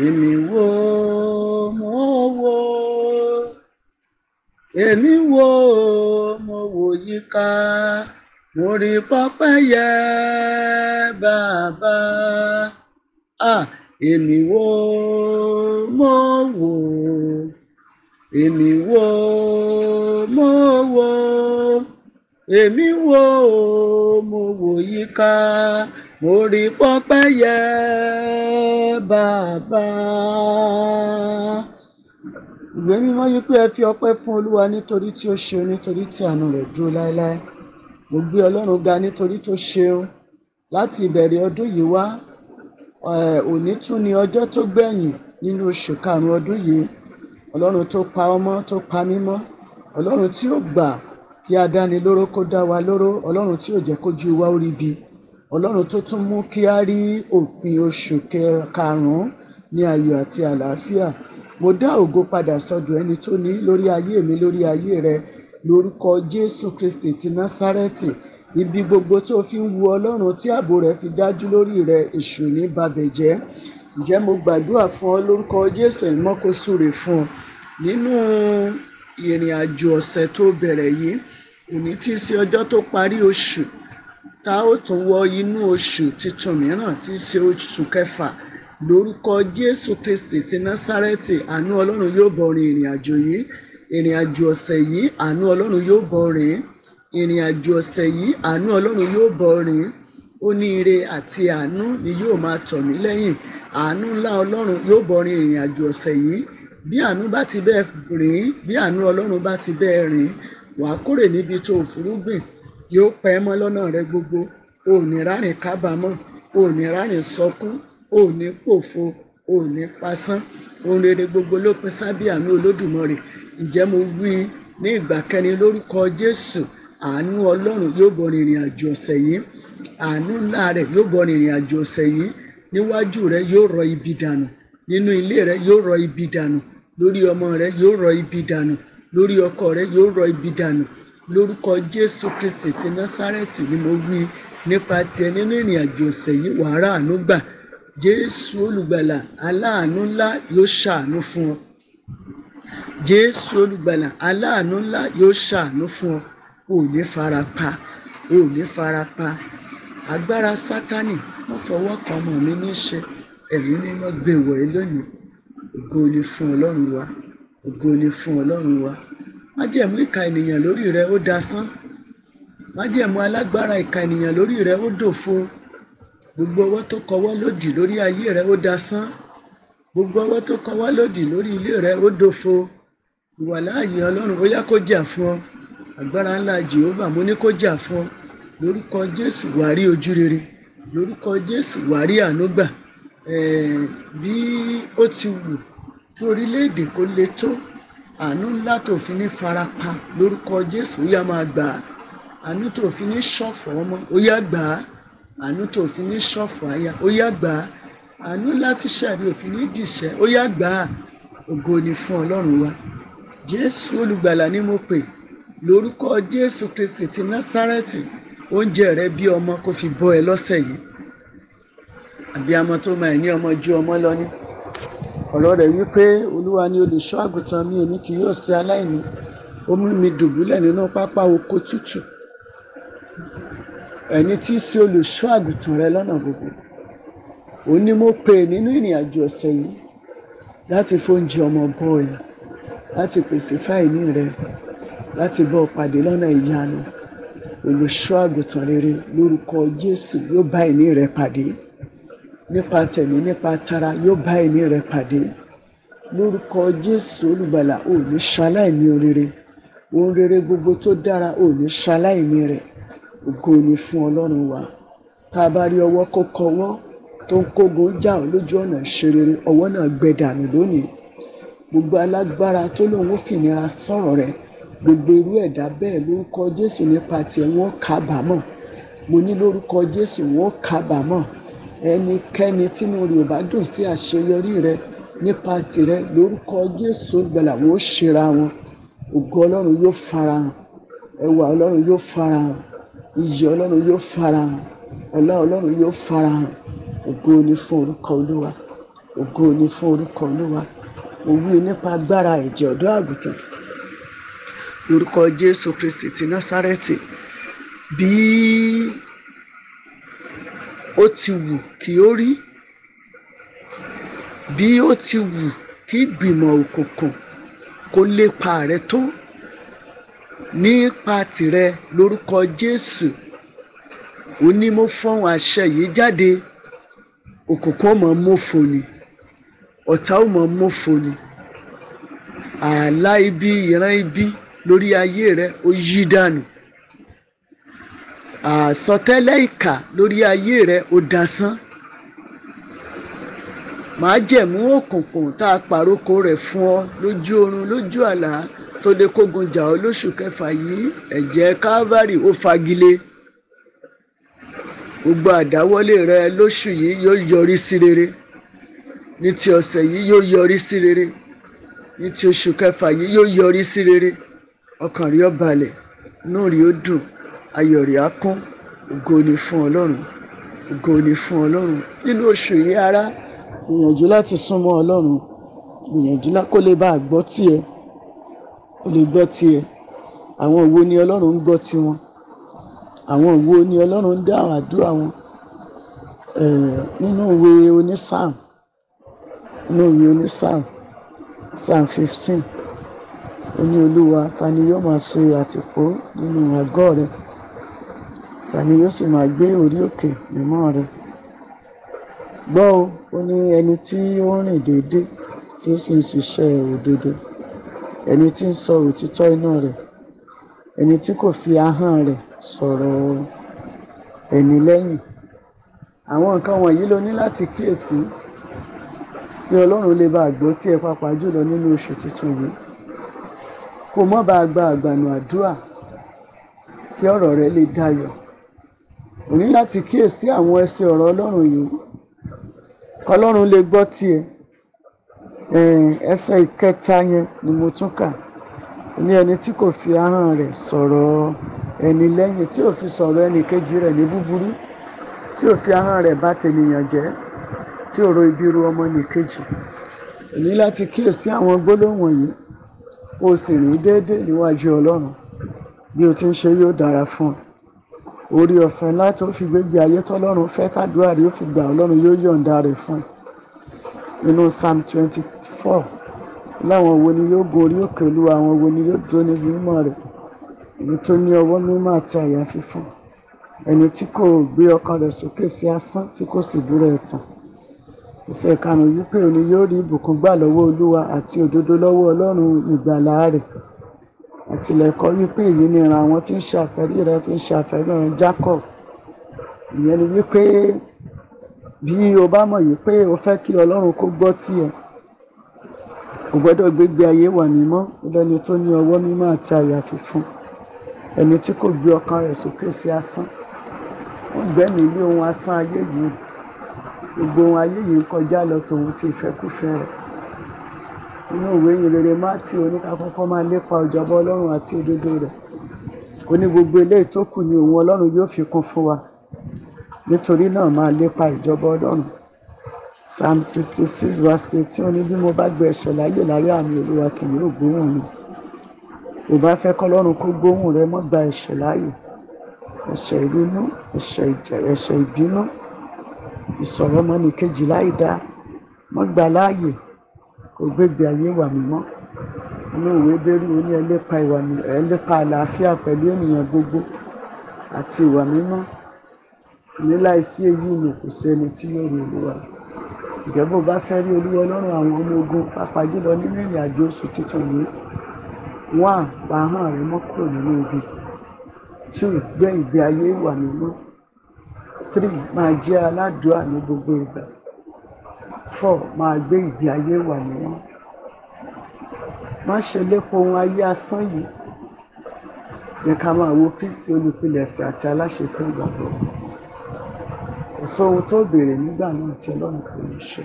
èmi wò mo wo, èmi wò mo wo yíká mo rí pọ́pẹ́yẹ bàbá èmi wò mo wo, èmi wò mo wo, èmi wò mo wo yíká mo rí pọ́pẹ́yẹ bàbá. ìwé mímọ́ yìí pé ẹ fi ọpẹ́ fún olúwa nítorí tí ó ṣeun nítorí tí àánú rẹ̀ dúró láéláé mo gbé ọlọ́run ga nítorí tó ṣeun láti ìbẹ̀rẹ̀ ọdún yìí wá òní tún ni ọjọ́ tó gbẹ̀yìn nínú oṣù karùn-ún ọdún yìí ọlọ́run tó pa ọmọ tó pa mí mọ́ ọlọ́run tí ó gbà kí a dáni lóró kó dá wa lóró ọlọ́run tí ò jẹ́ kójú wa ó ríbi ọlọ́run tó tún mú kí a rí òpin oṣù kẹ- karùn-ún ní ayọ̀ àti àlàáfíà mo dá ògo padà sọ́dọ̀ ẹni tó ní lórí ayé mi lórí ayé rẹ lórúkọ jésù kristi ti násárẹ́tì ibi gbogbo tó fi ń wu ọlọ́run tí ààbò rẹ̀ fi dájú lórí rẹ èṣù ní babẹ̀ jẹ́ ǹjẹ́ mo gbàdúrà fún ọ lórúkọ jésù ìmọ́kosú rè fún ọ nínú ìrìn àjò ọ̀sẹ̀ tó bẹ̀rẹ̀ yìí òní tí í ṣe ọjọ́ tó parí oṣù tá ó tún wọ inú oṣù tuntun mìíràn tí í ṣe oṣù kẹfà lórúkọ jésù kristi ti násárẹ́tì àánú ọlọ́run yóò bọ rin ìrìn àjò yìí ìrìn àjò ọ̀sẹ̀ yìí àánú ọlọ́run yóò bọ rin ìrìn àjò ọ̀sẹ̀ yìí àánú ọlọ́run yóò bọ rin ó ní ire àti àánú ni yóò máa tọ̀ mí lẹ́yìn àánú ńlá ọlọ́run yóò bọ rin ìrìn àjò ọ̀sẹ̀ yìí bí àánú bá ti bẹ́ẹ̀ rìn bí àánú ọlọ́run bá ti bẹ́ẹ̀ rìn wàá kórè níbi tó o yóò pa ẹ́ mọ́ lọ́nà rẹ gbogbo ò ní rárìn kábàámọ̀ ò ní rárìn sọkún ò ní pòfo ò ní pasán ohun rere gbogbo ló pín sábì àánú olódùmarè ǹjẹ́ mo wí ní ìgbà kẹrin lórúkọ jésù àánú ọlọ́run yóò àjò yìí àánú ńlá yóò àjò ibi dànù nínú ilé rẹ yóò rọ ibi dànù lórí ọmọ rẹ yóò rọ ibi dànù lórí ọkọ rẹ yóò rọ ibi dànù lórúkọ jésù kristi ti násárẹ́tì ni mo wí nípa tiẹ̀ nínú ìrìn àjò ọ̀sẹ̀ yìí wàá ráàánú gbà jésù olùgbàlà aláàánú ńlá yóò ṣàánú fún ọ jésù olùgbàlà aláàánú ńlá yóò ṣàánú fún ọ ò ní fara pa ò ní fara pa agbára sátánì wọn fọwọ́ kan ọmọ mi ní í ṣe ẹ̀mí mímọ́ gbé wọ̀ ẹ́ lónìí ògo ni fún ọlọ́run wa ògo ni fún ọlọ́run wa májẹ̀mú ìka ènìyàn lórí rẹ ó dasán májẹ̀mú alágbára ìka ènìyàn lórí rẹ ó dòfo gbogbo ọwọ́ tó kọwọ́ lòdì lórí ayé rẹ ó dasán gbogbo ọwọ́ tó kọwọ́ lòdì lórí ilé rẹ ó dòfo ìwà láàyè ọlọ́run ó yá kó jà fún ọ agbára ńlá jehova mo ní kó jà fún ọ lórúkọ jésù wà rí lórúkọ jésù wà rí àánú bí ó ti wù kí orílẹ̀-èdè kó le tó àánú ńlá tó fi ní farapa lórúkọ jésù ó yá máa gbà á àánú tó fi ní ṣọ̀fọ̀ ọmọ ó yá gbà á àánú tó fi ní ṣọ̀fọ̀ aya ó yá gbà á àánú ńlá tí sàrí òfin ní dìṣẹ́ ó yá gbà á ògo ni fún ọlọ́run wa jésù olùgbàlà ni mo pè lórúkọ jésù kristi ti násárẹ́tì oúnjẹ rẹ bí ọmọ kò fi bọ́ ẹ lọ́sẹ̀ yìí àbí amọ tó máa ní ọmọ ju ọmọ lọ ni ọ̀rọ̀ rẹ̀ wípé olúwa ni olùṣọ́ àgùntàn mi èmi kì yóò ṣe aláìní ó mú mi dùbúlẹ̀ nínú pápá oko tútù ẹni tí í ṣe olùṣọ́ àgùntàn rẹ lọ́nà gbogbo òun ni mo pè nínú ìrìn àjò ọ̀sẹ̀ yìí láti fóúnjẹ ọmọ bọ́ọ̀yì láti pèsè fáìní rẹ láti bọ́ pàdé lọ́nà ìyanu olùṣọ́ àgùntàn rere lórúkọ Jésù yóò bá ìní rẹ pàdé nípa tẹ̀mí nípa tara yóò bá ẹni rẹ pàdé lórúkọ jésù olùgbàlà ò ní ṣaláìní oríire ohun rere gbogbo tó dára ò ní ṣaláìní rẹ ògo ni fún ọlọ́run wa tá a bá rí ọwọ́ kó kọwọ́ tó ń kógun jà ọ́ lójú ọ̀nà ìṣerere ọwọ́ náà gbẹ dànù lónìí gbogbo alágbára tó lóun ó fìnira sọ̀rọ̀ rẹ̀ gbogbo irú ẹ̀dá bẹ́ẹ̀ lórúkọ jésù nípa tiẹ̀ wọ́n kábàámọ̀ mo ní lórúkọ jésù wọ́n kábàámọ̀ ẹnikẹ́ni tínú rẹ̀ ò bá dùn sí àṣeyọrí rẹ nípa tìrẹ lórúkọ jésù gbẹlà wọn ó ṣera wọn ògo ọlọ́run yóò farahàn ẹwà ọlọ́run yóò farahàn iyì ọlọ́run yóò farahàn ọlá ọlọ́run yóò farahàn ògo ni fún orúkọ olúwa ògo ni fún orúkọ olúwa òwe nípa agbára ẹ̀jẹ̀ ọ̀dọ́ àgùntàn lórúkọ jésù kristi ti násárẹ́tì bíi ó ti wù kí ó rí bí ó ti wù kí ìgbìmọ̀ òkùnkùn kó lépa rẹ tó nípa tìrẹ lórúkọ Jésù ó ní mo fọ́hùn àṣẹ yìí jáde òkùnkùn ọmọ mọ́fò ni ọ̀tá ọmọ mọ́fò ni àlá ibi ìran ibi lórí ayé rẹ ó yí dànù àsọtẹ́lẹ̀ ìkà lórí ayé rẹ ó dasán màá jẹ̀mú òkùnkùn tá a pàrókò rẹ̀ fún ọ lójú oorun lójú àlá tó lè kógun jà ọ lóṣù kẹfà yìí ẹ̀jẹ̀ calvary ó fagilé gbogbo àdáwọ́lé rẹ lóṣù yìí yóò yọrí sí rere ní ti ọ̀sẹ̀ yìí yóò yọrí sí rere ní ti oṣù kẹfà yìí yóò yọrí sí rere ọkàn rí ó balẹ̀ inú rí ó dùn ayọ̀ rẹ̀ á kún ògo ni fún ọlọ́run ògo ni fún ọlọ́run nínú oṣù yìí ará gbìyànjú láti súnmọ́ ọlọ́run gbìyànjú kó lè bá a gbọ́ tiẹ̀ ó lè gbọ́ tiẹ̀ àwọn wo ni ọlọ́run ń gbọ́ tiwọn àwọn wo ni ọlọ́run ń dá àwọn àdúrà wọn nínú ìwé onísáàmù nínú ìwé onísáàmù psalm fifteen ó ní olúwa ta ni yóò máa ṣe àtìpó nínú àgọ́ rẹ̀ Tani yóò sì máa gbé orí òkè mímọ́ rẹ̀. Gbọ́ o, ó ní ẹni tí ó ń rìn déédéé tí ó sì ń ṣiṣẹ́ òdodo, ẹni tí ń sọ òtítọ́ inú rẹ̀, ẹni tí kò fi ahọ́n rẹ̀ sọ̀rọ̀ ẹni lẹ́yìn. Àwọn nǹkan wọ̀nyí lo ní láti kíyèsí kí Ọlọ́run lè bá gbọ́ tí ẹ pàápàá jùlọ nínú oṣù tuntun yìí. Kó o má bàa gba àgbànú àdúrà kí ọ̀rọ̀ rẹ lè dayọ̀ o ní láti kíyèsí àwọn ẹsẹ̀ ọ̀rọ̀ Ọlọ́run yìí Ọlọ́run lè gbọ́ tiẹ̀ ẹsẹ̀ ìkẹta yẹn ni mo tún kà ní ẹni tí kò fi ahọ́n rẹ̀ sọ̀rọ̀ ẹni lẹ́yìn tí ò fi sọ̀rọ̀ ẹnì kejì rẹ̀ ní búburú tí ò fi ahọ́n rẹ̀ bà tènìyàn jẹ́ tí ò ro ibi ru ọmọ nìkejì o ní láti kíyèsí àwọn gbólóhùn yìí kó o sì rìn déédéé níwájú Ọlọ́run bí o ti ń ṣe yóò dára fún ọ orí ọ̀fẹ́ láti ó fi gbégbé ayé tọ́lọ́run fẹ́ tàdúrà rí ó fi gbà ọlọ́run yóò yọ̀ǹda rẹ̀ fún ẹ nínú psalm twenty four láwọn wo ni yóò gun orí òkè olúwa àwọn wo ni yóò dúró níbi mímọ́ rẹ̀ èyí tó ní ọwọ́ mímọ́ àti àyà fífún ẹni tí kò gbé ọkàn rẹ̀ sókè sí asán tí kò sì búra ẹ̀tàn ẹsẹ̀ karùn-ún yìí pé òní yóò rí ìbùkún gbà lọ́wọ́ olúwa àti òdodo lọ́wọ́ ọlọ́run ìgbàlà rẹ̀ àtìlẹ́kọ́ wípé èyí ni ìran àwọn tí ń ṣàfẹ́rí rẹ tí ń ṣàfẹ́ràn Jacob ìyẹn ni wípé bí o bá mọ̀ wípé o fẹ́ kí Ọlọ́run kó gbọ́ tiẹ̀ o gbọ́dọ̀ gbégbé ayé wà mímọ́ lẹ́ni tó ní ọwọ́ mímọ́ àti àyà fífún ẹni tí kò gbé ọkàn rẹ̀ sókè sí asán ó gbẹ́mí ilé ohun asán ayé yìí gbogbo ohun ayé yìí ń kọjá lọ tòun ti ìfẹ́kúfẹ́ rẹ̀ inú ìwé ìyìnrere Mátì oníkàkọ́kọ́ máa lépa ìjọba Ọlọ́run àti òdodo rẹ̀ ó ní gbogbo eléyìí tó kù ni òun Ọlọ́run yóò fi kún fún wa nítorí náà máa lépa ìjọba Ọlọ́run Psalm sixty six verse eighteen ó ní bí mo bá gbé ẹ̀ṣẹ̀ láyè láyà mi Olúwa kì yóò gbóhùn mi ò bá fẹ́ kọ́lọ́run kó gbóhùn rẹ mọ́ gba ẹ̀ṣẹ̀ láàyè ẹ̀ṣẹ̀ ìrunú ẹ̀ṣẹ̀ ìbínú ìsọ̀rọ̀ ọmọnìkejì láì dáa mọ́ gbà láàyè kò gbégbé ayé ìwà mímọ́ inú ìwé bẹ́rù ó ní ẹlẹ́pa ìwà ẹlẹ́pa àlàáfíà pẹ̀lú ènìyàn gbogbo àti ìwà mímọ́ ní èyí ni kò sẹ́ni tí yóò rí olúwa ǹjẹ́ bó bá fẹ́ rí olúwa ọlọ́run àwọn ọmọ ogun pàápàá jùlọ nínú ìrìn àjò oṣù tuntun yìí one pa ahọ́n rẹ mọ́ kúrò nínú ibi two gbé ìgbé ayé ìwà mímọ́ three máa jẹ́ aládùúrà ní gbogbo ìgbà four máa gbé ìgbé ayé wà mímọ́ má ṣe lépa ohun ayé asán yìí jẹ́ ká máa wo kristi olùpilẹ̀ṣẹ̀ àti aláṣepé ìgbàgbọ́ kò sóhun tó béèrè nígbà náà tí ọlọ́run kò ní ṣe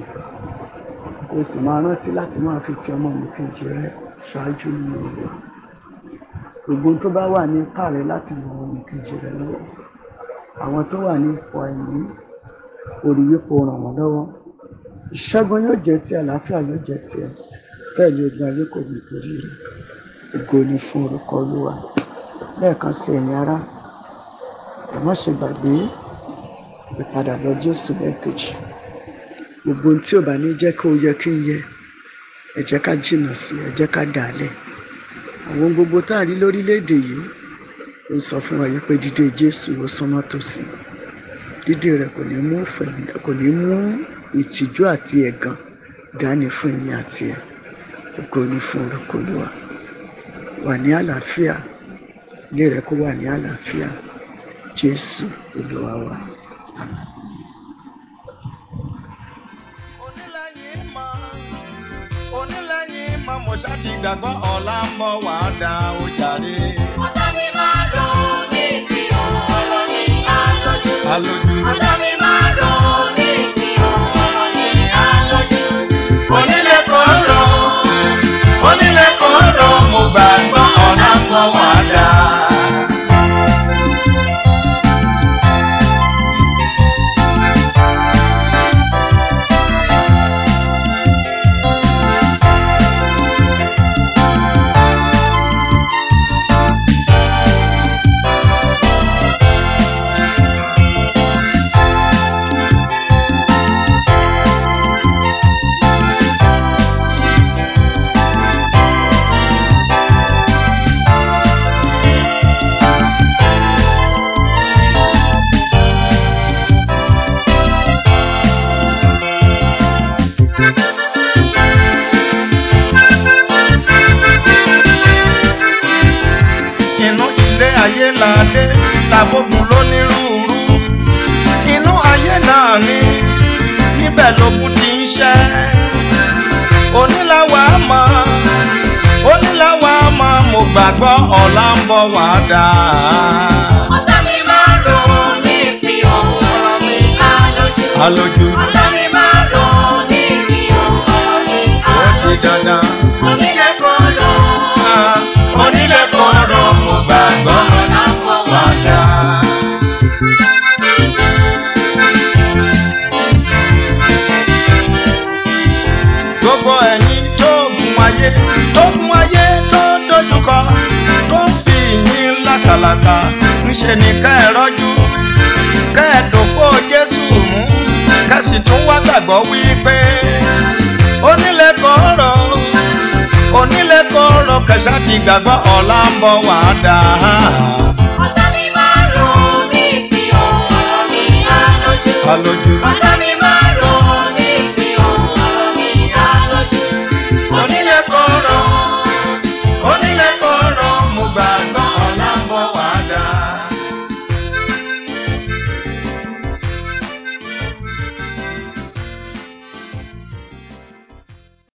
o sì máa rántí láti máa fi ti ọmọ mi kejì rẹ ṣáájú nínú rẹ gbogbo tó bá wà ní ipá rẹ láti mọ ọmọ mi kejì rẹ lọ́wọ́ àwọn tó wà ní ipò àìní kò rí wípé o ràn wọ́n lọ́wọ́ ìṣẹ́gun yóò jẹ́ tiẹ̀ àlàáfíà yóò jẹ́ tiẹ̀ bẹ́ẹ̀ ni ogun ayé kò ní borí rẹ̀ ògo ni fún orúkọ olúwa lẹ́ẹ̀kan sí ẹ̀yin ará ẹ má ṣe gbàgbé ìpadàbọ̀ jésù lẹ́ẹ̀kejì gbogbo ohun tí ò bá ní jẹ́ kó yẹ kí n yẹ ẹ jẹ́ ká jìnnà sí ẹ jẹ́ ká dà á lẹ̀ àwọn gbogbo tá a rí lórílẹ̀‐èdè yìí ó sọ fún wa yìí pé dídé jésù ó súnmọ́ tòsí dídé rẹ̀ kò ní mú ìtìjú àti ẹ̀gàn dání fún èmi àti ẹ ògo fún orúkọ olúwa wà ní àlàáfíà ilé rẹ kó wà ní àlàáfíà jésù olúwa wa. mo ṣáàtì gbàgbọ́ ọ̀la mọ̀ wá dá o jàre. ọ̀tá mi máa dùn mí bí ọ̀rọ̀ mi máa lójú. ọ̀tá mi máa. wá dá. mi máa rò mí kí òun ọ̀rọ̀ mi dá lójú. I ọ̀la ń bọ̀ wá dáa.